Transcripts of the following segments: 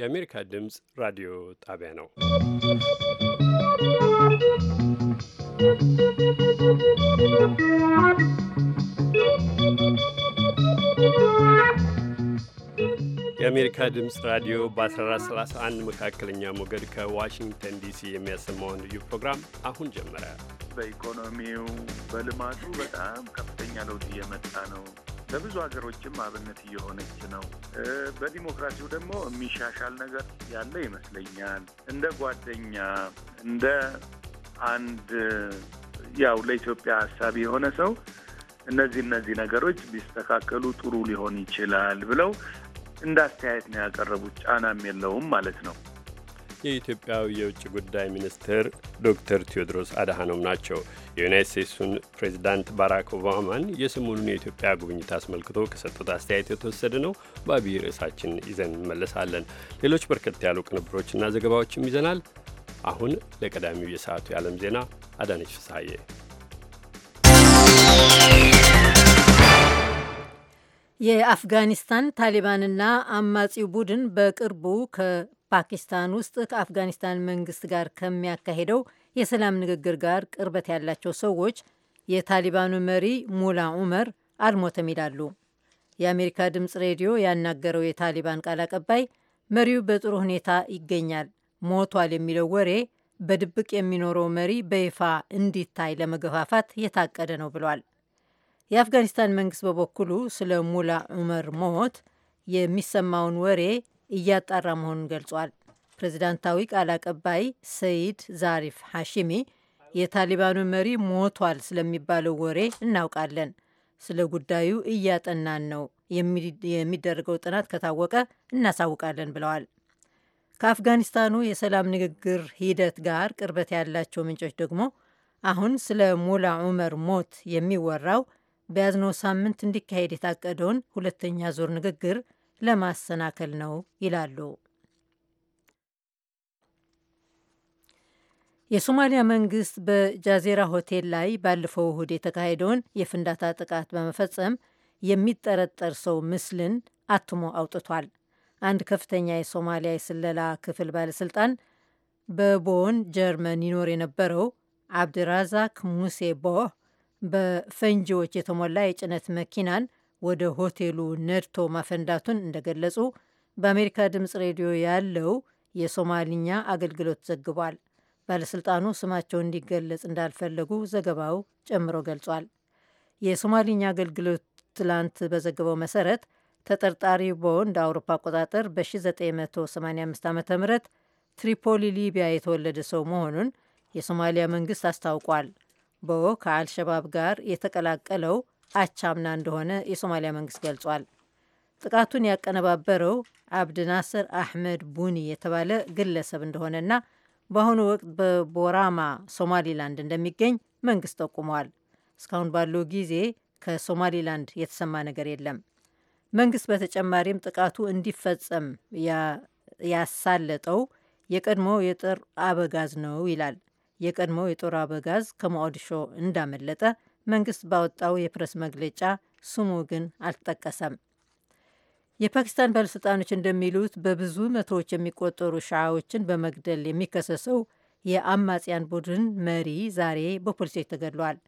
የአሜሪካ ድምፅ ራዲዮ ጣቢያ ነው። የአሜሪካ ድምፅ ራዲዮ በ1431 መካከለኛ ሞገድ ከዋሽንግተን ዲሲ የሚያሰማውን ልዩ ፕሮግራም አሁን ጀመረ። በኢኮኖሚው በልማቱ በጣም ከፍተኛ ለውጥ እየመጣ ነው። ለብዙ ሀገሮችም አብነት እየሆነች ነው። በዲሞክራሲው ደግሞ የሚሻሻል ነገር ያለ ይመስለኛል። እንደ ጓደኛ እንደ አንድ ያው ለኢትዮጵያ ሀሳቢ የሆነ ሰው እነዚህ እነዚህ ነገሮች ቢስተካከሉ ጥሩ ሊሆን ይችላል ብለው እንደ አስተያየት ነው ያቀረቡት። ጫናም የለውም ማለት ነው። የኢትዮጵያው የውጭ ጉዳይ ሚኒስትር ዶክተር ቴዎድሮስ አድሃኖም ናቸው። የዩናይት ስቴትሱን ፕሬዚዳንት ባራክ ኦባማን የሰሞኑን የኢትዮጵያ ጉብኝት አስመልክቶ ከሰጡት አስተያየት የተወሰደ ነው። በአብይ ርዕሳችን ይዘን እንመለሳለን። ሌሎች በርከት ያሉ ቅንብሮችና ዘገባዎችም ይዘናል። አሁን ለቀዳሚው የሰዓቱ የዓለም ዜና አዳነች ፍስሐዬ የአፍጋኒስታን ታሊባንና አማጺው ቡድን በቅርቡ ፓኪስታን ውስጥ ከአፍጋኒስታን መንግስት ጋር ከሚያካሄደው የሰላም ንግግር ጋር ቅርበት ያላቸው ሰዎች የታሊባኑ መሪ ሙላ ዑመር አልሞተም ይላሉ። የአሜሪካ ድምፅ ሬዲዮ ያናገረው የታሊባን ቃል አቀባይ መሪው በጥሩ ሁኔታ ይገኛል፣ ሞቷል የሚለው ወሬ በድብቅ የሚኖረው መሪ በይፋ እንዲታይ ለመገፋፋት የታቀደ ነው ብሏል። የአፍጋኒስታን መንግስት በበኩሉ ስለ ሙላ ዑመር ሞት የሚሰማውን ወሬ እያጣራ መሆኑን ገልጿል። ፕሬዚዳንታዊ ቃል አቀባይ ሰይድ ዛሪፍ ሐሺሚ የታሊባኑ መሪ ሞቷል ስለሚባለው ወሬ እናውቃለን፣ ስለ ጉዳዩ እያጠናን ነው፣ የሚደረገው ጥናት ከታወቀ እናሳውቃለን ብለዋል። ከአፍጋኒስታኑ የሰላም ንግግር ሂደት ጋር ቅርበት ያላቸው ምንጮች ደግሞ አሁን ስለ ሙላ ዑመር ሞት የሚወራው በያዝነው ሳምንት እንዲካሄድ የታቀደውን ሁለተኛ ዙር ንግግር ለማሰናከል ነው ይላሉ። የሶማሊያ መንግስት በጃዜራ ሆቴል ላይ ባለፈው እሁድ የተካሄደውን የፍንዳታ ጥቃት በመፈጸም የሚጠረጠር ሰው ምስልን አትሞ አውጥቷል። አንድ ከፍተኛ የሶማሊያ የስለላ ክፍል ባለስልጣን በቦን ጀርመን ይኖር የነበረው አብድራዛክ ሙሴ ቦህ በፈንጂዎች የተሞላ የጭነት መኪናን ወደ ሆቴሉ ነድቶ ማፈንዳቱን እንደገለጹ በአሜሪካ ድምፅ ሬዲዮ ያለው የሶማሊኛ አገልግሎት ዘግቧል። ባለሥልጣኑ ስማቸው እንዲገለጽ እንዳልፈለጉ ዘገባው ጨምሮ ገልጿል። የሶማሊኛ አገልግሎት ትላንት በዘገበው መሰረት ተጠርጣሪ ቦንድ አውሮፓ አቆጣጠር በ1985 ዓ ም ትሪፖሊ ሊቢያ የተወለደ ሰው መሆኑን የሶማሊያ መንግስት አስታውቋል። ቦ ከአልሸባብ ጋር የተቀላቀለው አቻምና እንደሆነ የሶማሊያ መንግስት ገልጿል። ጥቃቱን ያቀነባበረው አብድናስር አሕመድ ቡኒ የተባለ ግለሰብ እንደሆነና በአሁኑ ወቅት በቦራማ ሶማሊላንድ እንደሚገኝ መንግስት ጠቁመዋል። እስካሁን ባለው ጊዜ ከሶማሊላንድ የተሰማ ነገር የለም። መንግስት በተጨማሪም ጥቃቱ እንዲፈጸም ያሳለጠው የቀድሞ የጦር አበጋዝ ነው ይላል። የቀድሞ የጦር አበጋዝ ከሞቃዲሾ እንዳመለጠ መንግስት ባወጣው የፕረስ መግለጫ ስሙ ግን አልተጠቀሰም። የፓኪስታን ባለሥልጣኖች እንደሚሉት በብዙ መቶዎች የሚቆጠሩ ሺዓዎችን በመግደል የሚከሰሰው የአማጽያን ቡድን መሪ ዛሬ በፖሊሶች ተገድሏል።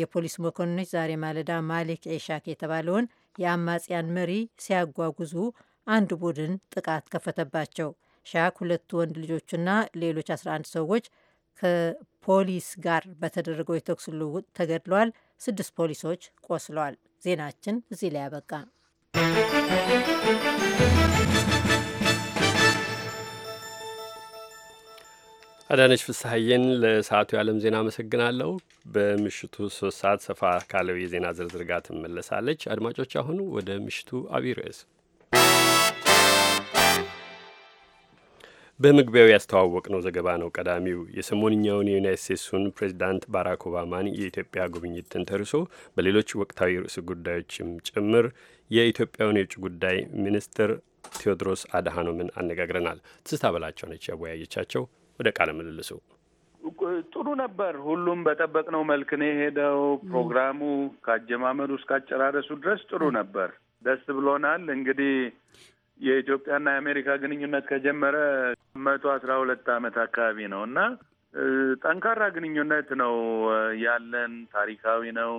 የፖሊስ መኮንኖች ዛሬ ማለዳ ማሊክ ኤሻክ የተባለውን የአማጽያን መሪ ሲያጓጉዙ አንድ ቡድን ጥቃት ከፈተባቸው። ሻክ ሁለት ወንድ ልጆችና ሌሎች 11 ሰዎች ፖሊስ ጋር በተደረገው የተኩስ ልውውጥ ተገድለዋል። ስድስት ፖሊሶች ቆስለዋል። ዜናችን እዚህ ላይ ያበቃ። አዳነች ፍስሐዬን ለሰዓቱ የዓለም ዜና አመሰግናለሁ። በምሽቱ ሶስት ሰዓት ሰፋ ካለው የዜና ዝርዝር ጋር ትመለሳለች። አድማጮች አሁን ወደ ምሽቱ አብይ ርዕስ በመግቢያው ነው ዘገባ ነው ቀዳሚው። የሰሞንኛውን የዩናይት ስቴትሱን ፕሬዚዳንት ባራክ ኦባማን የኢትዮጵያ ጉብኝት ተንተርሶ በሌሎች ወቅታዊ ርዕስ ጉዳዮችም ጭምር የኢትዮጵያውን የውጭ ጉዳይ ሚኒስትር ቴዎድሮስ አድሃኖምን አነጋግረናል። ትስታ በላቸው ነች ያወያየቻቸው። ወደ ቃለ ምልልሱ። ጥሩ ነበር። ሁሉም በጠበቅነው መልክ ነው የሄደው። ፕሮግራሙ ከአጀማመዱ እስካጨራረሱ ድረስ ጥሩ ነበር። ደስ ብሎናል። እንግዲህ የኢትዮጵያና የአሜሪካ ግንኙነት ከጀመረ መቶ አስራ ሁለት አመት አካባቢ ነው እና ጠንካራ ግንኙነት ነው ያለን። ታሪካዊ ነው።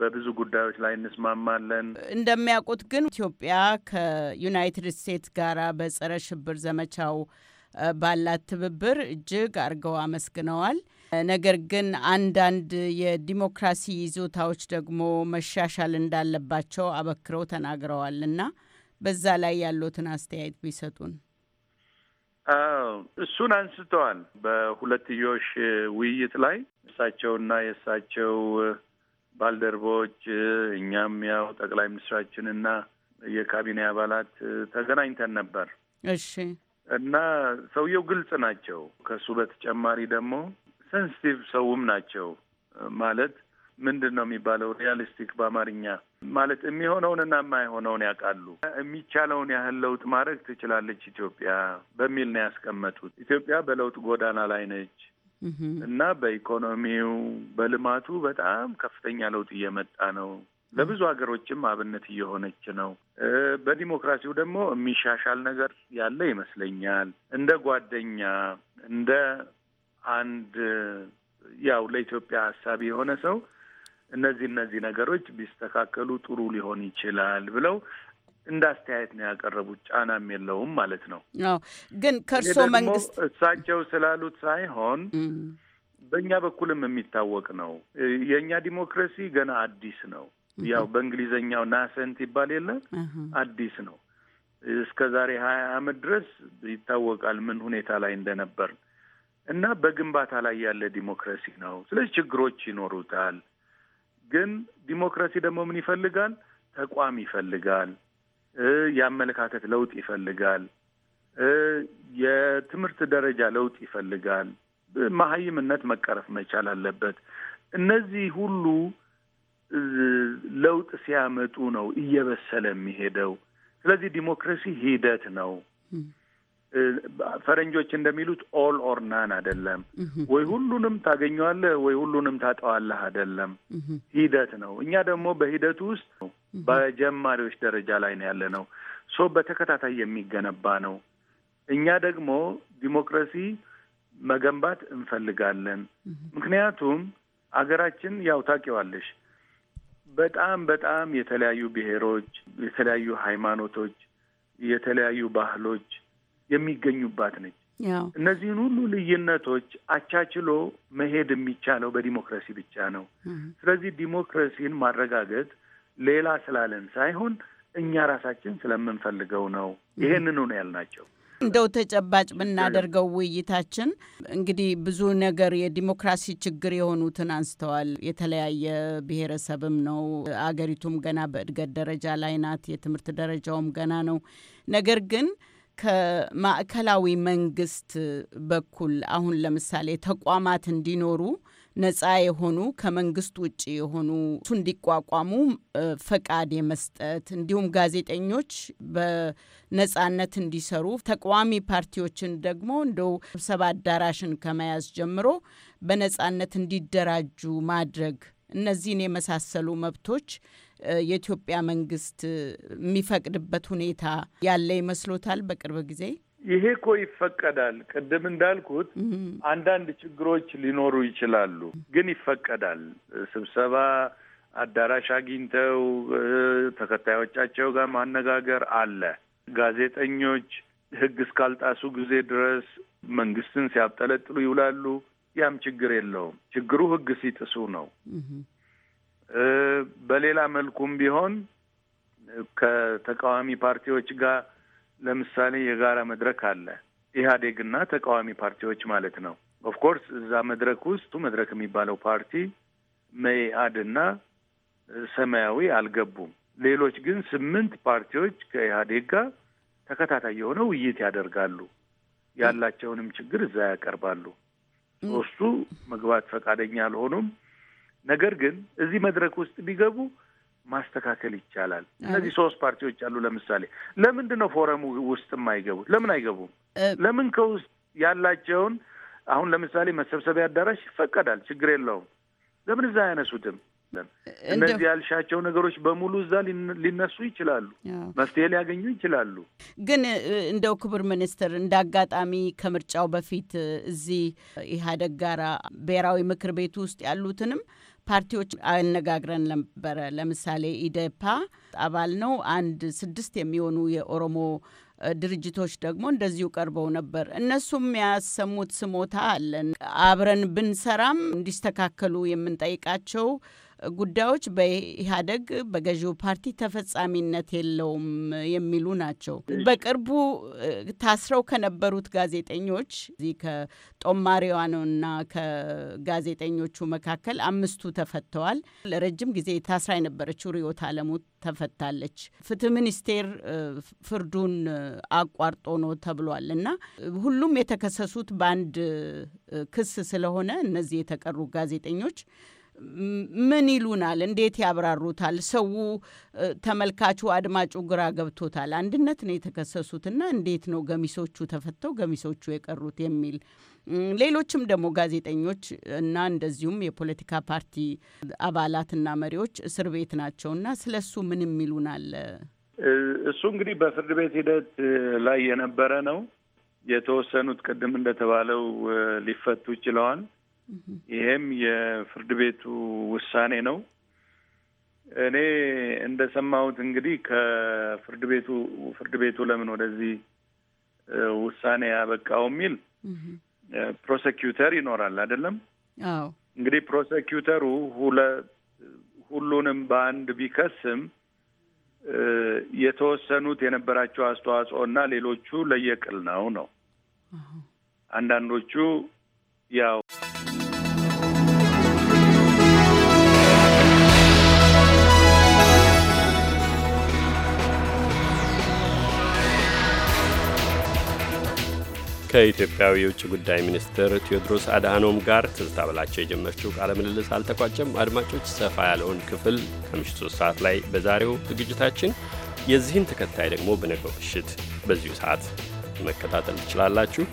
በብዙ ጉዳዮች ላይ እንስማማለን። እንደሚያውቁት ግን ኢትዮጵያ ከዩናይትድ ስቴትስ ጋር በጸረ ሽብር ዘመቻው ባላት ትብብር እጅግ አድርገው አመስግነዋል። ነገር ግን አንዳንድ የዲሞክራሲ ይዞታዎች ደግሞ መሻሻል እንዳለባቸው አበክረው ተናግረዋል እና በዛ ላይ ያሉትን አስተያየት ቢሰጡን። እሱን አንስተዋል በሁለትዮሽ ውይይት ላይ እሳቸውና የእሳቸው ባልደረቦች እኛም ያው ጠቅላይ ሚኒስትራችንና የካቢኔ አባላት ተገናኝተን ነበር። እሺ። እና ሰውየው ግልጽ ናቸው። ከእሱ በተጨማሪ ደግሞ ሴንስቲቭ ሰውም ናቸው። ማለት ምንድን ነው የሚባለው ሪያሊስቲክ በአማርኛ ማለት የሚሆነውንና የማይሆነውን ያውቃሉ። የሚቻለውን ያህል ለውጥ ማድረግ ትችላለች ኢትዮጵያ በሚል ነው ያስቀመጡት። ኢትዮጵያ በለውጥ ጎዳና ላይ ነች እና በኢኮኖሚው በልማቱ በጣም ከፍተኛ ለውጥ እየመጣ ነው። ለብዙ ሀገሮችም አብነት እየሆነች ነው። በዲሞክራሲው ደግሞ የሚሻሻል ነገር ያለ ይመስለኛል። እንደ ጓደኛ እንደ አንድ ያው ለኢትዮጵያ ሀሳቢ የሆነ ሰው እነዚህ እነዚህ ነገሮች ቢስተካከሉ ጥሩ ሊሆን ይችላል ብለው እንደ አስተያየት ነው ያቀረቡት። ጫናም የለውም ማለት ነው። ግን ከእርሶ መንግስት እሳቸው ስላሉት ሳይሆን በእኛ በኩልም የሚታወቅ ነው። የእኛ ዲሞክራሲ ገና አዲስ ነው። ያው በእንግሊዘኛው ናሰንት ይባል የለ አዲስ ነው። እስከ ዛሬ ሀያ አመት ድረስ ይታወቃል ምን ሁኔታ ላይ እንደነበር እና በግንባታ ላይ ያለ ዲሞክራሲ ነው። ስለዚህ ችግሮች ይኖሩታል። ግን ዲሞክራሲ ደግሞ ምን ይፈልጋል? ተቋም ይፈልጋል። የአመለካከት ለውጥ ይፈልጋል። የትምህርት ደረጃ ለውጥ ይፈልጋል። መሀይምነት መቀረፍ መቻል አለበት። እነዚህ ሁሉ ለውጥ ሲያመጡ ነው እየበሰለ የሚሄደው። ስለዚህ ዲሞክራሲ ሂደት ነው። ፈረንጆች እንደሚሉት ኦል ኦር ናን አይደለም። ወይ ሁሉንም ታገኘዋለህ ወይ ሁሉንም ታጠዋለህ አይደለም። ሂደት ነው። እኛ ደግሞ በሂደቱ ውስጥ በጀማሪዎች ደረጃ ላይ ነው ያለ ነው። ሶ በተከታታይ የሚገነባ ነው። እኛ ደግሞ ዲሞክራሲ መገንባት እንፈልጋለን። ምክንያቱም አገራችን ያው ታውቂዋለሽ፣ በጣም በጣም የተለያዩ ብሔሮች፣ የተለያዩ ሃይማኖቶች፣ የተለያዩ ባህሎች የሚገኙባት ነች። እነዚህን ሁሉ ልዩነቶች አቻችሎ መሄድ የሚቻለው በዲሞክራሲ ብቻ ነው። ስለዚህ ዲሞክራሲን ማረጋገጥ ሌላ ስላለን ሳይሆን እኛ ራሳችን ስለምንፈልገው ነው። ይሄንኑ ነው ያልናቸው። እንደው ተጨባጭ ብናደርገው ውይይታችን እንግዲህ ብዙ ነገር የዲሞክራሲ ችግር የሆኑትን አንስተዋል። የተለያየ ብሔረሰብም ነው፣ አገሪቱም ገና በእድገት ደረጃ ላይ ናት፣ የትምህርት ደረጃውም ገና ነው። ነገር ግን ከማዕከላዊ መንግስት በኩል አሁን ለምሳሌ ተቋማት እንዲኖሩ ነጻ የሆኑ ከመንግስት ውጭ የሆኑ እሱ እንዲቋቋሙ ፈቃድ የመስጠት እንዲሁም ጋዜጠኞች በነጻነት እንዲሰሩ ተቃዋሚ ፓርቲዎችን ደግሞ እንደው ስብሰባ አዳራሽን ከመያዝ ጀምሮ በነጻነት እንዲደራጁ ማድረግ እነዚህን የመሳሰሉ መብቶች የኢትዮጵያ መንግስት የሚፈቅድበት ሁኔታ ያለ ይመስሎታል? በቅርብ ጊዜ ይሄ እኮ ይፈቀዳል። ቅድም እንዳልኩት አንዳንድ ችግሮች ሊኖሩ ይችላሉ፣ ግን ይፈቀዳል። ስብሰባ አዳራሽ አግኝተው ተከታዮቻቸው ጋር ማነጋገር አለ። ጋዜጠኞች ህግ እስካልጣሱ ጊዜ ድረስ መንግስትን ሲያብጠለጥሉ ይውላሉ። ያም ችግር የለውም። ችግሩ ህግ ሲጥሱ ነው። በሌላ መልኩም ቢሆን ከተቃዋሚ ፓርቲዎች ጋር ለምሳሌ የጋራ መድረክ አለ። ኢህአዴግና ተቃዋሚ ፓርቲዎች ማለት ነው። ኦፍኮርስ እዛ መድረክ ውስጡ መድረክ የሚባለው ፓርቲ መኢአድና ሰማያዊ አልገቡም። ሌሎች ግን ስምንት ፓርቲዎች ከኢህአዴግ ጋር ተከታታይ የሆነ ውይይት ያደርጋሉ። ያላቸውንም ችግር እዛ ያቀርባሉ። ሶስቱ መግባት ፈቃደኛ አልሆኑም። ነገር ግን እዚህ መድረክ ውስጥ ቢገቡ ማስተካከል ይቻላል። እነዚህ ሶስት ፓርቲዎች አሉ። ለምሳሌ ለምንድን ነው ፎረሙ ውስጥ የማይገቡት? ለምን አይገቡም? ለምን ከውስጥ ያላቸውን አሁን ለምሳሌ መሰብሰቢያ አዳራሽ ይፈቀዳል፣ ችግር የለውም። ለምን እዛ አያነሱትም? እነዚህ ያልሻቸው ነገሮች በሙሉ እዛ ሊነሱ ይችላሉ፣ መፍትሄ ሊያገኙ ይችላሉ። ግን እንደው ክቡር ሚኒስትር እንደ አጋጣሚ ከምርጫው በፊት እዚህ ኢህአዴግ ጋራ ብሔራዊ ምክር ቤት ውስጥ ያሉትንም ፓርቲዎች አነጋግረን ነበረ። ለምሳሌ ኢዴፓ አባል ነው። አንድ ስድስት የሚሆኑ የኦሮሞ ድርጅቶች ደግሞ እንደዚሁ ቀርበው ነበር። እነሱም ያሰሙት ስሞታ አለን። አብረን ብንሰራም እንዲስተካከሉ የምንጠይቃቸው ጉዳዮች በኢህአደግ በገዢው ፓርቲ ተፈጻሚነት የለውም የሚሉ ናቸው። በቅርቡ ታስረው ከነበሩት ጋዜጠኞች እዚህ ከጦማሪዋንና ከጋዜጠኞቹ መካከል አምስቱ ተፈተዋል። ለረጅም ጊዜ ታስራ የነበረችው ርዕዮት አለሙ ተፈታለች። ፍትህ ሚኒስቴር ፍርዱን አቋርጦ ነው ተብሏል እና ሁሉም የተከሰሱት በአንድ ክስ ስለሆነ እነዚህ የተቀሩ ጋዜጠኞች ምን ይሉናል? እንዴት ያብራሩታል? ሰው ተመልካቹ፣ አድማጩ ግራ ገብቶታል። አንድነት ነው የተከሰሱትና እንዴት ነው ገሚሶቹ ተፈተው ገሚሶቹ የቀሩት የሚል ሌሎችም ደግሞ ጋዜጠኞች እና እንደዚሁም የፖለቲካ ፓርቲ አባላትና መሪዎች እስር ቤት ናቸውና ስለ እሱ ምን የሚሉናል? እሱ እንግዲህ በፍርድ ቤት ሂደት ላይ የነበረ ነው። የተወሰኑት ቅድም እንደተባለው ሊፈቱ ይችለዋል። ይሄም የፍርድ ቤቱ ውሳኔ ነው። እኔ እንደሰማሁት እንግዲህ ከፍርድ ቤቱ ፍርድ ቤቱ ለምን ወደዚህ ውሳኔ ያበቃው የሚል ፕሮሰኪዩተር ይኖራል አይደለም? አዎ። እንግዲህ ፕሮሰኪዩተሩ ሁሉንም በአንድ ቢከስም የተወሰኑት የነበራቸው አስተዋጽኦ እና ሌሎቹ ለየቅል ነው ነው አንዳንዶቹ ያው ከኢትዮጵያዊ የውጭ ጉዳይ ሚኒስትር ቴዎድሮስ አድሃኖም ጋር ትዝታ በላቸው የጀመረችው ቃለ ምልልስ አልተቋጨም። አድማጮች፣ ሰፋ ያለውን ክፍል ከምሽቱ ሶስት ሰዓት ላይ በዛሬው ዝግጅታችን የዚህን ተከታይ ደግሞ በነገው ምሽት በዚሁ ሰዓት መከታተል ትችላላችሁ።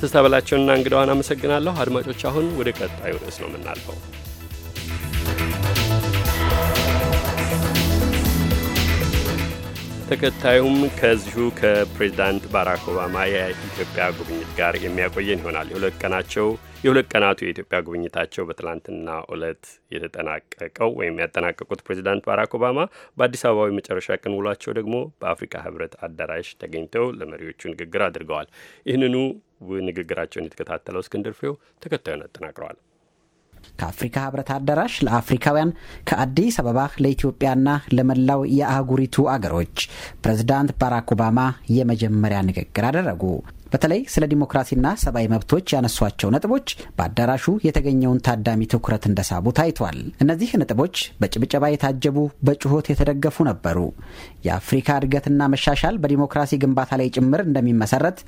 ትዝታ በላቸውና እንግዳዋን አመሰግናለሁ። አድማጮች፣ አሁን ወደ ቀጣዩ ርዕስ ነው የምናልፈው። ተከታዩም ከዚሁ ከፕሬዚዳንት ባራክ ኦባማ የኢትዮጵያ ጉብኝት ጋር የሚያቆየን ይሆናል። የሁለት ቀናቸው የሁለት ቀናቱ የኢትዮጵያ ጉብኝታቸው በትላንትና ዕለት የተጠናቀቀው ወይም ያጠናቀቁት ፕሬዚዳንት ባራክ ኦባማ በአዲስ አበባዊ መጨረሻ ቀን ውሏቸው ደግሞ በአፍሪካ ሕብረት አዳራሽ ተገኝተው ለመሪዎቹ ንግግር አድርገዋል። ይህንኑ ንግግራቸውን የተከታተለው እስክንድር ፍሬው ተከታዩን አጠናቅረዋል። ከአፍሪካ ህብረት አዳራሽ ለአፍሪካውያን ከአዲስ አበባ ለኢትዮጵያና ለመላው የአህጉሪቱ አገሮች ፕሬዝዳንት ባራክ ኦባማ የመጀመሪያ ንግግር አደረጉ። በተለይ ስለ ዲሞክራሲና ሰብአዊ መብቶች ያነሷቸው ነጥቦች በአዳራሹ የተገኘውን ታዳሚ ትኩረት እንደሳቡ ታይቷል። እነዚህ ነጥቦች በጭብጨባ የታጀቡ፣ በጩኸት የተደገፉ ነበሩ። የአፍሪካ እድገትና መሻሻል በዲሞክራሲ ግንባታ ላይ ጭምር እንደሚመሰረት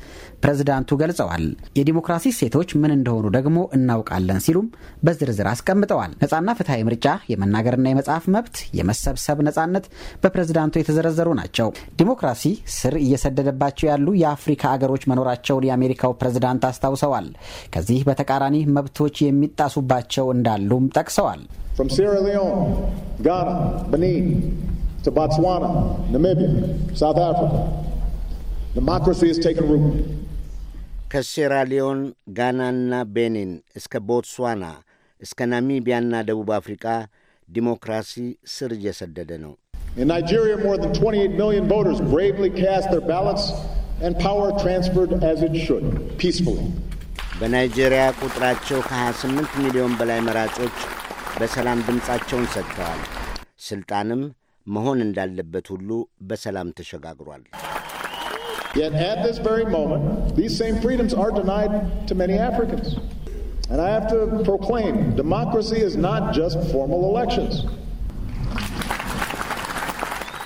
ፕሬዝዳንቱ ገልጸዋል። የዲሞክራሲ ሴቶች ምን እንደሆኑ ደግሞ እናውቃለን ሲሉም በዝርዝር አስቀምጠዋል። ነጻና ፍትሐዊ ምርጫ፣ የመናገርና የመጽሐፍ መብት፣ የመሰብሰብ ነጻነት በፕሬዝዳንቱ የተዘረዘሩ ናቸው። ዲሞክራሲ ስር እየሰደደባቸው ያሉ የአፍሪካ አገሮች መኖራ መኖራቸውን የአሜሪካው ፕሬዝዳንት አስታውሰዋል። ከዚህ በተቃራኒ መብቶች የሚጣሱባቸው እንዳሉም ጠቅሰዋል። ከሴራሊዮን ጋናና ቤኒን እስከ ቦትስዋና እስከ ናሚቢያና ደቡብ አፍሪቃ ዲሞክራሲ ስር እየሰደደ ነው። In Nigeria, more than 28 million voters bravely cast their ballots and power transferred as it should, peacefully. በናይጄሪያ ቁጥራቸው ከ28 ሚሊዮን በላይ መራጮች በሰላም ድምፃቸውን ሰጥተዋል። ስልጣንም መሆን እንዳለበት ሁሉ በሰላም ተሸጋግሯል። Yet at this very moment, these same freedoms are denied to many Africans. And I have to proclaim democracy is not just formal elections.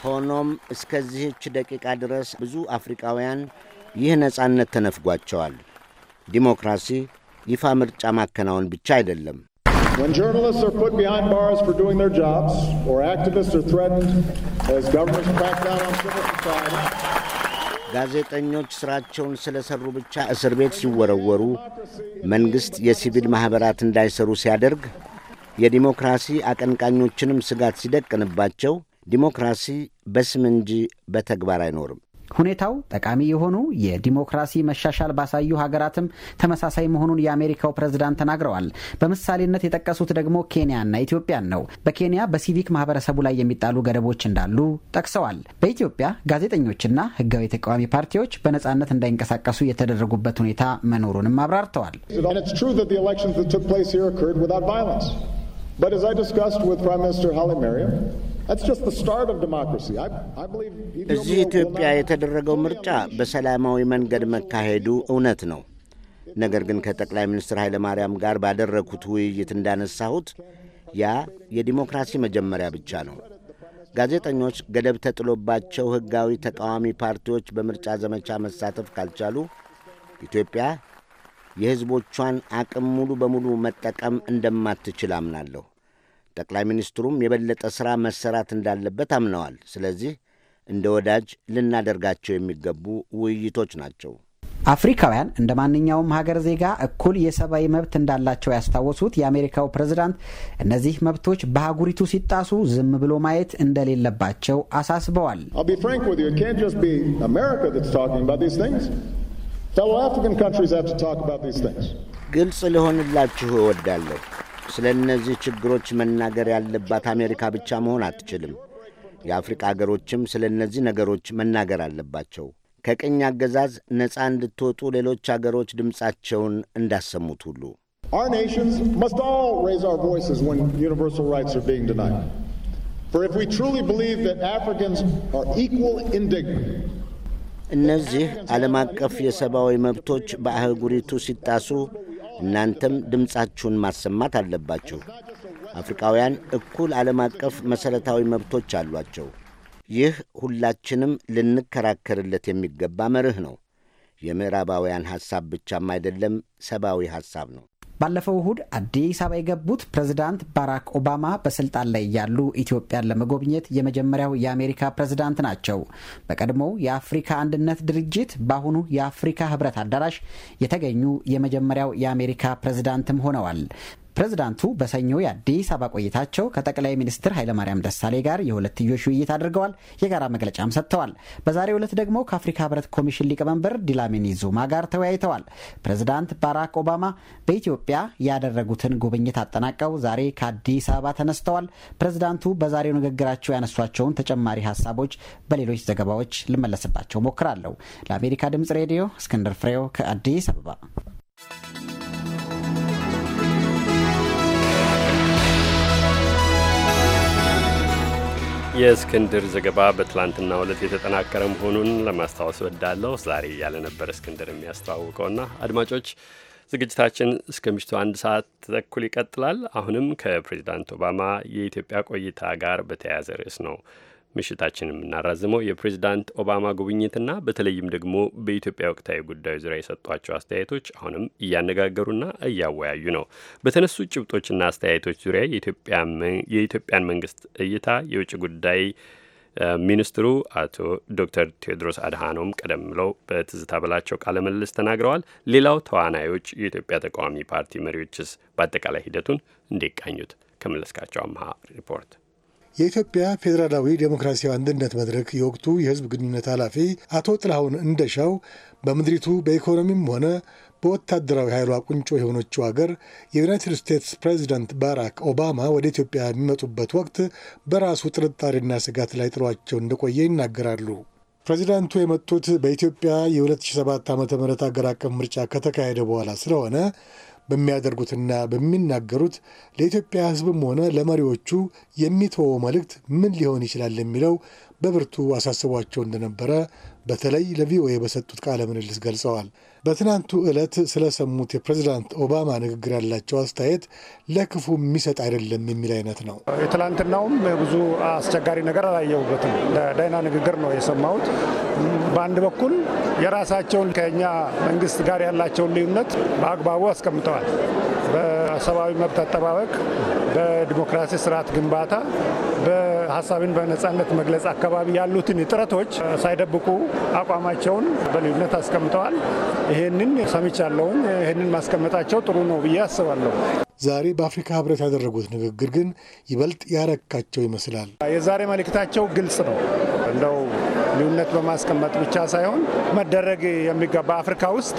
ሆኖም እስከዚህች ደቂቃ ድረስ ብዙ አፍሪቃውያን ይህ ነጻነት ተነፍጓቸዋል። ዲሞክራሲ ይፋ ምርጫ ማከናወን ብቻ አይደለም። ጋዜጠኞች ሥራቸውን ስለሠሩ ብቻ እስር ቤት ሲወረወሩ፣ መንግሥት የሲቪል ማኅበራት እንዳይሠሩ ሲያደርግ፣ የዲሞክራሲ አቀንቃኞችንም ስጋት ሲደቅንባቸው ዲሞክራሲ በስም እንጂ በተግባር አይኖርም። ሁኔታው ጠቃሚ የሆኑ የዲሞክራሲ መሻሻል ባሳዩ ሀገራትም ተመሳሳይ መሆኑን የአሜሪካው ፕሬዝዳንት ተናግረዋል። በምሳሌነት የጠቀሱት ደግሞ ኬንያና ኢትዮጵያን ነው። በኬንያ በሲቪክ ማህበረሰቡ ላይ የሚጣሉ ገደቦች እንዳሉ ጠቅሰዋል። በኢትዮጵያ ጋዜጠኞችና ህጋዊ ተቃዋሚ ፓርቲዎች በነጻነት እንዳይንቀሳቀሱ የተደረጉበት ሁኔታ መኖሩንም አብራርተዋል። And እዚህ ኢትዮጵያ የተደረገው ምርጫ በሰላማዊ መንገድ መካሄዱ እውነት ነው። ነገር ግን ከጠቅላይ ሚኒስትር ኃይለ ማርያም ጋር ባደረግሁት ውይይት እንዳነሳሁት ያ የዲሞክራሲ መጀመሪያ ብቻ ነው። ጋዜጠኞች ገደብ ተጥሎባቸው ሕጋዊ ተቃዋሚ ፓርቲዎች በምርጫ ዘመቻ መሳተፍ ካልቻሉ ኢትዮጵያ የሕዝቦቿን አቅም ሙሉ በሙሉ መጠቀም እንደማትችል አምናለሁ። ጠቅላይ ሚኒስትሩም የበለጠ ሥራ መሰራት እንዳለበት አምነዋል። ስለዚህ እንደ ወዳጅ ልናደርጋቸው የሚገቡ ውይይቶች ናቸው። አፍሪካውያን እንደ ማንኛውም ሀገር ዜጋ እኩል የሰብአዊ መብት እንዳላቸው ያስታወሱት የአሜሪካው ፕሬዝዳንት እነዚህ መብቶች በአህጉሪቱ ሲጣሱ ዝም ብሎ ማየት እንደሌለባቸው አሳስበዋል። ግልጽ ሊሆንላችሁ እወዳለሁ። ስለ እነዚህ ችግሮች መናገር ያለባት አሜሪካ ብቻ መሆን አትችልም። የአፍሪቃ አገሮችም ስለ እነዚህ ነገሮች መናገር አለባቸው። ከቅኝ አገዛዝ ነፃ እንድትወጡ ሌሎች አገሮች ድምፃቸውን እንዳሰሙት ሁሉ እነዚህ ዓለም አቀፍ የሰብአዊ መብቶች በአህጉሪቱ ሲጣሱ እናንተም ድምፃችሁን ማሰማት አለባችሁ። አፍሪካውያን እኩል ዓለም አቀፍ መሠረታዊ መብቶች አሏቸው። ይህ ሁላችንም ልንከራከርለት የሚገባ መርህ ነው። የምዕራባውያን ሐሳብ ብቻም አይደለም፣ ሰብአዊ ሐሳብ ነው። ባለፈው እሁድ አዲስ አበባ የገቡት ፕሬዝዳንት ባራክ ኦባማ በስልጣን ላይ ያሉ ኢትዮጵያን ለመጎብኘት የመጀመሪያው የአሜሪካ ፕሬዝዳንት ናቸው። በቀድሞው የአፍሪካ አንድነት ድርጅት በአሁኑ የአፍሪካ ሕብረት አዳራሽ የተገኙ የመጀመሪያው የአሜሪካ ፕሬዝዳንትም ሆነዋል። ፕሬዝዳንቱ በሰኞ የአዲስ አበባ ቆይታቸው ከጠቅላይ ሚኒስትር ኃይለማርያም ደሳሌ ጋር የሁለትዮሽ ውይይት አድርገዋል። የጋራ መግለጫም ሰጥተዋል። በዛሬው ዕለት ደግሞ ከአፍሪካ ህብረት ኮሚሽን ሊቀመንበር ዲላሚኒ ዙማ ጋር ተወያይተዋል። ፕሬዝዳንት ባራክ ኦባማ በኢትዮጵያ ያደረጉትን ጉብኝት አጠናቀው ዛሬ ከአዲስ አበባ ተነስተዋል። ፕሬዝዳንቱ በዛሬው ንግግራቸው ያነሷቸውን ተጨማሪ ሀሳቦች በሌሎች ዘገባዎች ልመለስባቸው ሞክራለሁ። ለአሜሪካ ድምጽ ሬዲዮ እስክንድር ፍሬው ከአዲስ አበባ የእስክንድር ዘገባ በትላንትና ዕለት የተጠናከረ መሆኑን ለማስታወስ እወዳለሁ። ዛሬ ያለነበር ነበር እስክንድር የሚያስተዋውቀውና አድማጮች ዝግጅታችን እስከ ምሽቱ አንድ ሰዓት ተተኩል ይቀጥላል። አሁንም ከፕሬዚዳንት ኦባማ የኢትዮጵያ ቆይታ ጋር በተያያዘ ርዕስ ነው። ምሽታችን የምናራዝመው የፕሬዚዳንት ኦባማ ጉብኝትና በተለይም ደግሞ በኢትዮጵያ ወቅታዊ ጉዳዮች ዙሪያ የሰጧቸው አስተያየቶች አሁንም እያነጋገሩና እያወያዩ ነው። በተነሱ ጭብጦችና አስተያየቶች ዙሪያ የኢትዮጵያን መንግስት እይታ የውጭ ጉዳይ ሚኒስትሩ አቶ ዶክተር ቴዎድሮስ አድሃኖም ቀደም ብለው በትዝታ በላቸው ቃለ ተናግረዋል። ሌላው ተዋናዮች፣ የኢትዮጵያ ተቃዋሚ ፓርቲ መሪዎችስ በአጠቃላይ ሂደቱን እንዴት ቃኙት? ከመለስካቸው አምሃ ሪፖርት የኢትዮጵያ ፌዴራላዊ ዴሞክራሲያዊ አንድነት መድረክ የወቅቱ የህዝብ ግንኙነት ኃላፊ አቶ ጥላሁን እንደሻው በምድሪቱ በኢኮኖሚም ሆነ በወታደራዊ ኃይሏ ቁንጮ የሆነችው አገር የዩናይትድ ስቴትስ ፕሬዚደንት ባራክ ኦባማ ወደ ኢትዮጵያ የሚመጡበት ወቅት በራሱ ጥርጣሬና ስጋት ላይ ጥሏቸው እንደቆየ ይናገራሉ። ፕሬዚዳንቱ የመጡት በኢትዮጵያ የ2007 ዓ ም አገር አቀፍ ምርጫ ከተካሄደ በኋላ ስለሆነ በሚያደርጉትና በሚናገሩት ለኢትዮጵያ ሕዝብም ሆነ ለመሪዎቹ የሚተወው መልእክት ምን ሊሆን ይችላል የሚለው በብርቱ አሳስቧቸው እንደነበረ በተለይ ለቪኦኤ በሰጡት ቃለ ምልልስ ገልጸዋል። በትናንቱ ዕለት ስለሰሙት የፕሬዚዳንት ኦባማ ንግግር ያላቸው አስተያየት ለክፉ የሚሰጥ አይደለም የሚል አይነት ነው። የትላንትናውም ብዙ አስቸጋሪ ነገር አላየሁበትም። ለዳይና ንግግር ነው የሰማሁት። በአንድ በኩል የራሳቸውን ከኛ መንግስት ጋር ያላቸውን ልዩነት በአግባቡ አስቀምጠዋል። በሰብአዊ መብት አጠባበቅ፣ በዲሞክራሲ ስርዓት ግንባታ፣ በሀሳብን በነጻነት መግለጽ አካባቢ ያሉትን ጥረቶች ሳይደብቁ አቋማቸውን በልዩነት አስቀምጠዋል። ይህንን ሰምቻለሁኝ። ይህንን ማስቀመጣቸው ጥሩ ነው ብዬ አስባለሁ። ዛሬ በአፍሪካ ህብረት ያደረጉት ንግግር ግን ይበልጥ ያረካቸው ይመስላል። የዛሬ መልእክታቸው ግልጽ ነው እንደው ልዩነት በማስቀመጥ ብቻ ሳይሆን መደረግ የሚገባ አፍሪካ ውስጥ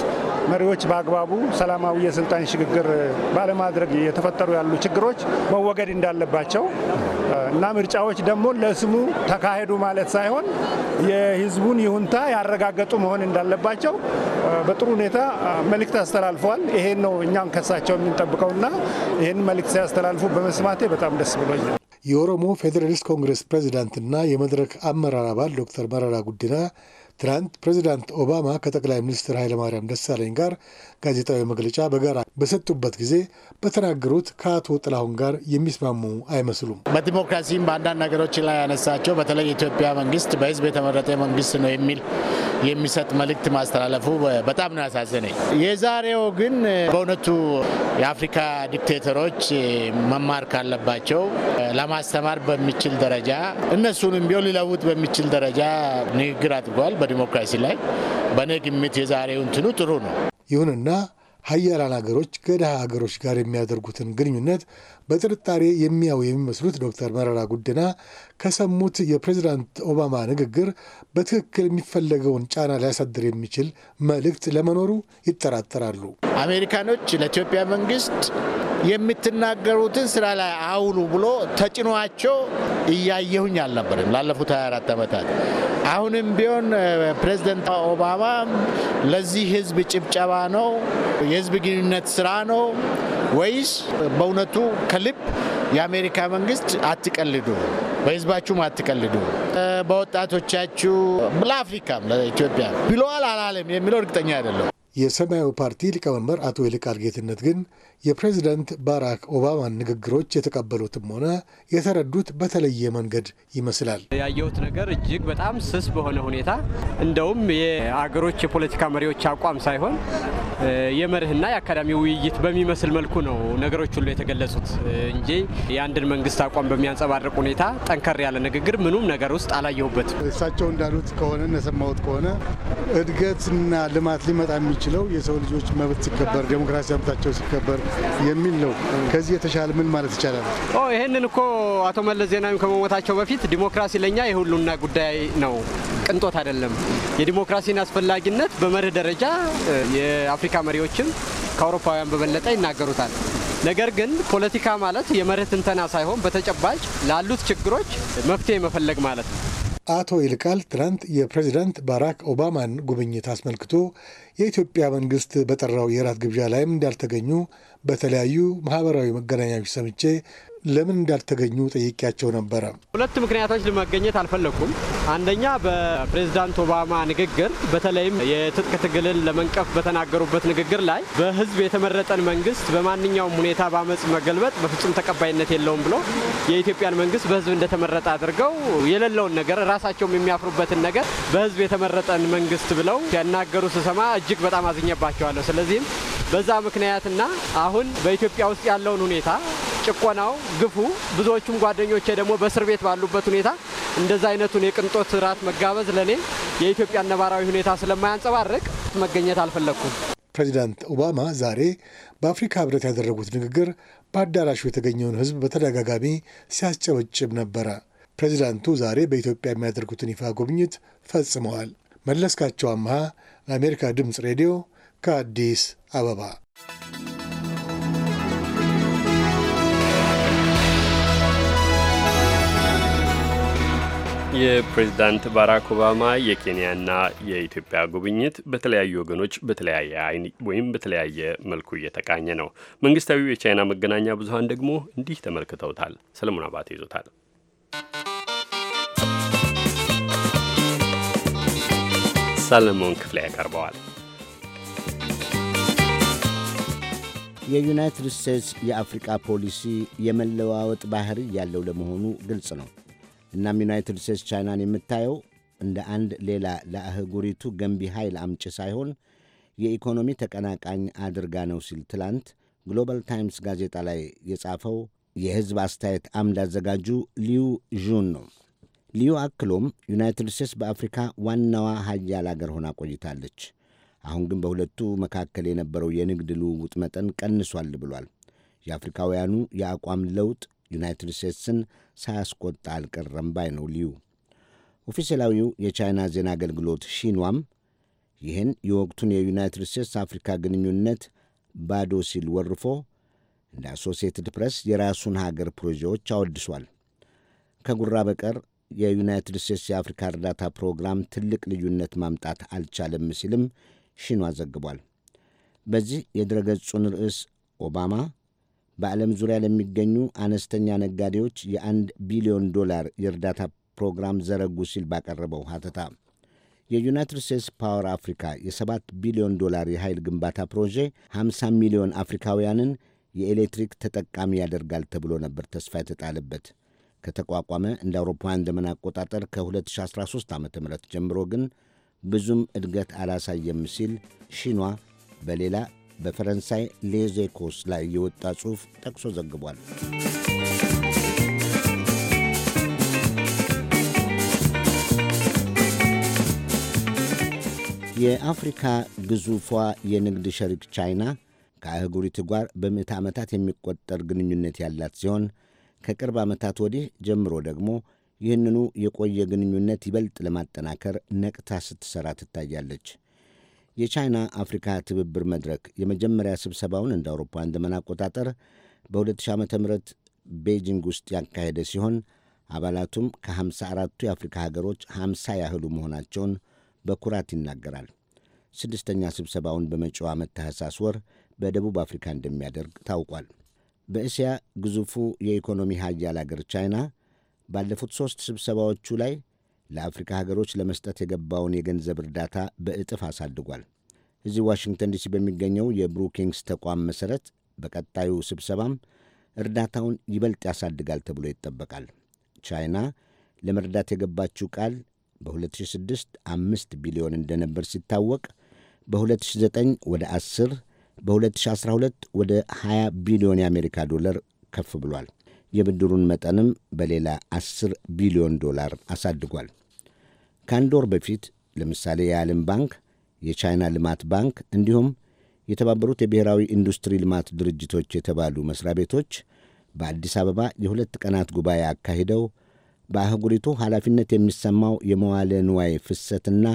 መሪዎች በአግባቡ ሰላማዊ የስልጣን ሽግግር ባለማድረግ የተፈጠሩ ያሉ ችግሮች መወገድ እንዳለባቸው እና ምርጫዎች ደግሞ ለስሙ ተካሄዱ ማለት ሳይሆን የህዝቡን ይሁንታ ያረጋገጡ መሆን እንዳለባቸው በጥሩ ሁኔታ መልእክት አስተላልፈዋል። ይሄን ነው እኛም ከሳቸው የምንጠብቀውና ይህን መልእክት ሲያስተላልፉ በመስማቴ በጣም ደስ ብሎኛል። የኦሮሞ ፌዴራሊስት ኮንግሬስ ፕሬዚዳንትና የመድረክ አመራር አባል ዶክተር መረራ ጉዲና ትናንት ፕሬዚዳንት ኦባማ ከጠቅላይ ሚኒስትር ኃይለማርያም ደሳለኝ ጋር ጋዜጣዊ መግለጫ በጋራ በሰጡበት ጊዜ በተናገሩት ከአቶ ጥላሁን ጋር የሚስማሙ አይመስሉም። በዲሞክራሲም በአንዳንድ ነገሮች ላይ ያነሳቸው በተለይ የኢትዮጵያ መንግስት በህዝብ የተመረጠ መንግስት ነው የሚል የሚሰጥ መልእክት ማስተላለፉ በጣም ነው ያሳዘነኝ። የዛሬው ግን በእውነቱ የአፍሪካ ዲክቴተሮች መማር ካለባቸው ለማስተማር በሚችል ደረጃ እነሱንም ቢሆን ሊለውጥ በሚችል ደረጃ ንግግር አድርጓል በዲሞክራሲ ላይ። በእኔ ግምት የዛሬው እንትኑ ጥሩ ነው። ይሁንና ሀያላን ሀገሮች ከድሃ ሀገሮች ጋር የሚያደርጉትን ግንኙነት በጥርጣሬ የሚያው የሚመስሉት ዶክተር መረራ ጉድና ከሰሙት የፕሬዚዳንት ኦባማ ንግግር በትክክል የሚፈለገውን ጫና ሊያሳድር የሚችል መልእክት ለመኖሩ ይጠራጠራሉ። አሜሪካኖች ለኢትዮጵያ መንግስት የምትናገሩትን ስራ ላይ አውሉ ብሎ ተጭኗቸው እያየሁኝ አልነበርም ላለፉት 24 ዓመታት። አሁንም ቢሆን ፕሬዚደንት ኦባማ ለዚህ ህዝብ ጭብጨባ ነው፣ የህዝብ ግንኙነት ስራ ነው ወይስ በእውነቱ ከልብ የአሜሪካ መንግስት አትቀልዱ በህዝባችሁ አትቀልዱ፣ በወጣቶቻችሁ ለአፍሪካም ለኢትዮጵያ ብለዋል አላለም የሚለው እርግጠኛ አይደለም። የሰማያዊ ፓርቲ ሊቀመንበር አቶ ይልቃል ጌትነት ግን የፕሬዚደንት ባራክ ኦባማን ንግግሮች የተቀበሉትም ሆነ የተረዱት በተለየ መንገድ ይመስላል። ያየሁት ነገር እጅግ በጣም ስስ በሆነ ሁኔታ እንደውም የአገሮች የፖለቲካ መሪዎች አቋም ሳይሆን የመርህና የአካዳሚ ውይይት በሚመስል መልኩ ነው ነገሮች ሁሉ የተገለጹት እንጂ የአንድን መንግስት አቋም በሚያንጸባርቅ ሁኔታ ጠንከር ያለ ንግግር ምኑም ነገር ውስጥ አላየሁበትም። እሳቸው እንዳሉት ከሆነ የሰማሁት ከሆነ እድገትና ልማት ሊመጣ የሚችል የምንችለው የሰው ልጆች መብት ሲከበር፣ ዴሞክራሲ መብታቸው ሲከበር የሚል ነው። ከዚህ የተሻለ ምን ማለት ይቻላል? ይህንን እኮ አቶ መለስ ዜናዊ ከመሞታቸው በፊት ዲሞክራሲ ለእኛ የሁሉና ጉዳይ ነው፣ ቅንጦት አይደለም። የዲሞክራሲን አስፈላጊነት በመርህ ደረጃ የአፍሪካ መሪዎችም ከአውሮፓውያን በበለጠ ይናገሩታል። ነገር ግን ፖለቲካ ማለት የመርህ ትንተና ሳይሆን በተጨባጭ ላሉት ችግሮች መፍትሄ መፈለግ ማለት ነው። አቶ ይልቃል ትናንት የፕሬዚዳንት ባራክ ኦባማን ጉብኝት አስመልክቶ የኢትዮጵያ መንግስት በጠራው የራት ግብዣ ላይም እንዳልተገኙ በተለያዩ ማህበራዊ መገናኛዎች ሰምቼ ለምን እንዳልተገኙ ጠይቄያቸው ነበረ። ሁለት ምክንያቶች ለመገኘት አልፈለኩም። አንደኛ በፕሬዝዳንት ኦባማ ንግግር በተለይም የትጥቅ ትግልን ለመንቀፍ በተናገሩበት ንግግር ላይ በህዝብ የተመረጠን መንግስት በማንኛውም ሁኔታ በአመፅ መገልበጥ በፍጹም ተቀባይነት የለውም ብሎ የኢትዮጵያን መንግስት በህዝብ እንደተመረጠ አድርገው የሌለውን ነገር ራሳቸውም የሚያፍሩበትን ነገር በህዝብ የተመረጠን መንግስት ብለው ያናገሩ ስሰማ እጅግ በጣም አዝኘባቸዋለሁ ስለዚህም በዛ ምክንያትና አሁን በኢትዮጵያ ውስጥ ያለውን ሁኔታ ጭቆናው ግፉ ብዙዎቹም ጓደኞቼ ደግሞ በእስር ቤት ባሉበት ሁኔታ እንደዛ አይነቱን የቅንጦት ራት መጋበዝ ለእኔ የኢትዮጵያ ነባራዊ ሁኔታ ስለማያንጸባርቅ መገኘት አልፈለግኩም። ፕሬዚዳንት ኦባማ ዛሬ በአፍሪካ ህብረት ያደረጉት ንግግር በአዳራሹ የተገኘውን ህዝብ በተደጋጋሚ ሲያስጨበጭብ ነበረ። ፕሬዚዳንቱ ዛሬ በኢትዮጵያ የሚያደርጉትን ይፋ ጉብኝት ፈጽመዋል። መለስካቸው አምሃ ለአሜሪካ ድምፅ ሬዲዮ ከአዲስ አበባ የፕሬዝዳንት ባራክ ኦባማ የኬንያና የኢትዮጵያ ጉብኝት በተለያዩ ወገኖች በተለያየ አይን ወይም በተለያየ መልኩ እየተቃኘ ነው። መንግስታዊው የቻይና መገናኛ ብዙሀን ደግሞ እንዲህ ተመልክተውታል። ሰለሞን አባተ ይዞታል። ሰለሞን ክፍሌ ያቀርበዋል። የዩናይትድ ስቴትስ የአፍሪቃ ፖሊሲ የመለዋወጥ ባህሪ ያለው ለመሆኑ ግልጽ ነው። እናም ዩናይትድ ስቴትስ ቻይናን የምታየው እንደ አንድ ሌላ ለአህጉሪቱ ገንቢ ኃይል አምጪ ሳይሆን የኢኮኖሚ ተቀናቃኝ አድርጋ ነው ሲል ትላንት ግሎባል ታይምስ ጋዜጣ ላይ የጻፈው የሕዝብ አስተያየት አምድ አዘጋጁ ሊዩ ዡን ነው። ሊዩ አክሎም ዩናይትድ ስቴትስ በአፍሪካ ዋናዋ ሀያል አገር ሆና ቆይታለች። አሁን ግን በሁለቱ መካከል የነበረው የንግድ ልውውጥ መጠን ቀንሷል ብሏል። የአፍሪካውያኑ የአቋም ለውጥ ዩናይትድ ስቴትስን ሳያስቆጣ አልቀረም ባይ ነው ልዩ። ኦፊሴላዊው የቻይና ዜና አገልግሎት ሺንዋም ይህን የወቅቱን የዩናይትድ ስቴትስ አፍሪካ ግንኙነት ባዶ ሲል ወርፎ እንደ አሶሲየትድ ፕሬስ የራሱን ሀገር ፕሮጀዎች አወድሷል። ከጉራ በቀር የዩናይትድ ስቴትስ የአፍሪካ እርዳታ ፕሮግራም ትልቅ ልዩነት ማምጣት አልቻለም ሲልም ሺኗ ዘግቧል። በዚህ የድረገጹን ርዕስ ኦባማ በዓለም ዙሪያ ለሚገኙ አነስተኛ ነጋዴዎች የአንድ ቢሊዮን ዶላር የእርዳታ ፕሮግራም ዘረጉ ሲል ባቀረበው ሀተታ የዩናይትድ ስቴትስ ፓወር አፍሪካ የ7 ቢሊዮን ዶላር የኃይል ግንባታ ፕሮጄ 50 ሚሊዮን አፍሪካውያንን የኤሌክትሪክ ተጠቃሚ ያደርጋል ተብሎ ነበር ተስፋ የተጣለበት። ከተቋቋመ እንደ አውሮፓውያን ዘመን አቆጣጠር ከ2013 ዓ ም ጀምሮ ግን ብዙም እድገት አላሳየም ሲል ሺኗ በሌላ በፈረንሳይ ሌዜኮስ ላይ የወጣ ጽሑፍ ጠቅሶ ዘግቧል። የአፍሪካ ግዙፏ የንግድ ሸሪክ ቻይና ከአህጉሪቱ ጋር በምዕተ ዓመታት የሚቆጠር ግንኙነት ያላት ሲሆን ከቅርብ ዓመታት ወዲህ ጀምሮ ደግሞ ይህንኑ የቆየ ግንኙነት ይበልጥ ለማጠናከር ነቅታ ስትሠራ ትታያለች። የቻይና አፍሪካ ትብብር መድረክ የመጀመሪያ ስብሰባውን እንደ አውሮፓውያን ዘመን አቆጣጠር በ2000 ዓ ም ቤጂንግ ውስጥ ያካሄደ ሲሆን አባላቱም ከ54ቱ የአፍሪካ ሀገሮች 50 ያህሉ መሆናቸውን በኩራት ይናገራል። ስድስተኛ ስብሰባውን በመጪው ዓመት ታህሳስ ወር በደቡብ አፍሪካ እንደሚያደርግ ታውቋል። በእስያ ግዙፉ የኢኮኖሚ ሀያል አገር ቻይና ባለፉት ሦስት ስብሰባዎቹ ላይ ለአፍሪካ ሀገሮች ለመስጠት የገባውን የገንዘብ እርዳታ በእጥፍ አሳድጓል። እዚህ ዋሽንግተን ዲሲ በሚገኘው የብሩኪንግስ ተቋም መሠረት በቀጣዩ ስብሰባም እርዳታውን ይበልጥ ያሳድጋል ተብሎ ይጠበቃል። ቻይና ለመርዳት የገባችው ቃል በ2006 5 ቢሊዮን እንደነበር ሲታወቅ በ2009 ወደ 10 በ2012 ወደ 20 ቢሊዮን የአሜሪካ ዶላር ከፍ ብሏል። የብድሩን መጠንም በሌላ 10 ቢሊዮን ዶላር አሳድጓል። ከአንድ ወር በፊት ለምሳሌ የዓለም ባንክ፣ የቻይና ልማት ባንክ እንዲሁም የተባበሩት የብሔራዊ ኢንዱስትሪ ልማት ድርጅቶች የተባሉ መስሪያ ቤቶች በአዲስ አበባ የሁለት ቀናት ጉባኤ አካሂደው በአህጉሪቱ ኃላፊነት የሚሰማው የመዋለ ንዋይ ፍሰትና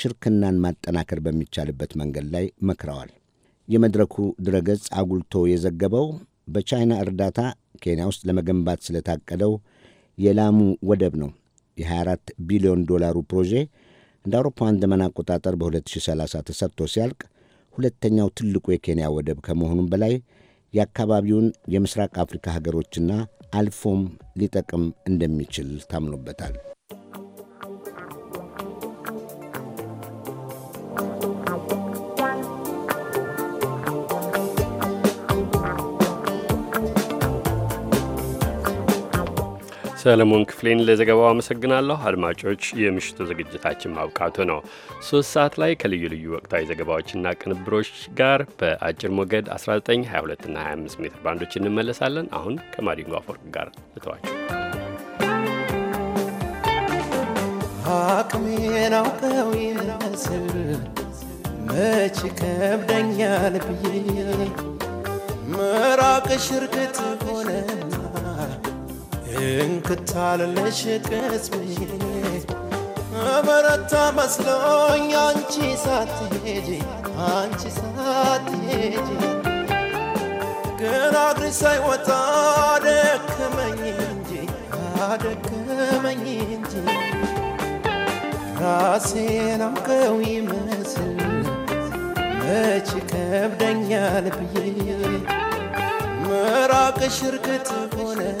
ሽርክናን ማጠናከር በሚቻልበት መንገድ ላይ መክረዋል። የመድረኩ ድረገጽ አጉልቶ የዘገበው በቻይና እርዳታ ኬንያ ውስጥ ለመገንባት ስለታቀደው የላሙ ወደብ ነው። የ24 ቢሊዮን ዶላሩ ፕሮጄ እንደ አውሮፓውያን ዘመን አቆጣጠር በ2030 ተሰጥቶ ሲያልቅ ሁለተኛው ትልቁ የኬንያ ወደብ ከመሆኑም በላይ የአካባቢውን የምስራቅ አፍሪካ ሀገሮችና አልፎም ሊጠቅም እንደሚችል ታምኖበታል። ሰለሞን ክፍሌን ለዘገባው አመሰግናለሁ። አድማጮች፣ የምሽቱ ዝግጅታችን ማብቃቱ ነው። ሶስት ሰዓት ላይ ከልዩ ልዩ ወቅታዊ ዘገባዎችና ቅንብሮች ጋር በአጭር ሞገድ 19፣ 22ና 25 ሜትር ባንዶች እንመለሳለን። አሁን ከማዲንጎ አፈወርቅ ጋር ልተዋቸው። አቅሜን አውቀው ይመስል መች ከብደኛ ብዬ ምራቅ ሽርክት ሆነና እንክታለለሽ ቅስሜ በረታ መስሎኝ አንቺ ሳትሄጂ አንቺ ሳትሄጂ ግን አግሪ ሳይወጣ አደከመኝ እንጂ አደከመኝ እንጂ ራሴን አውቀው ይመስል መች ከብደኛል ብዬ ምራቅሽ እርግጥ ሆነኝ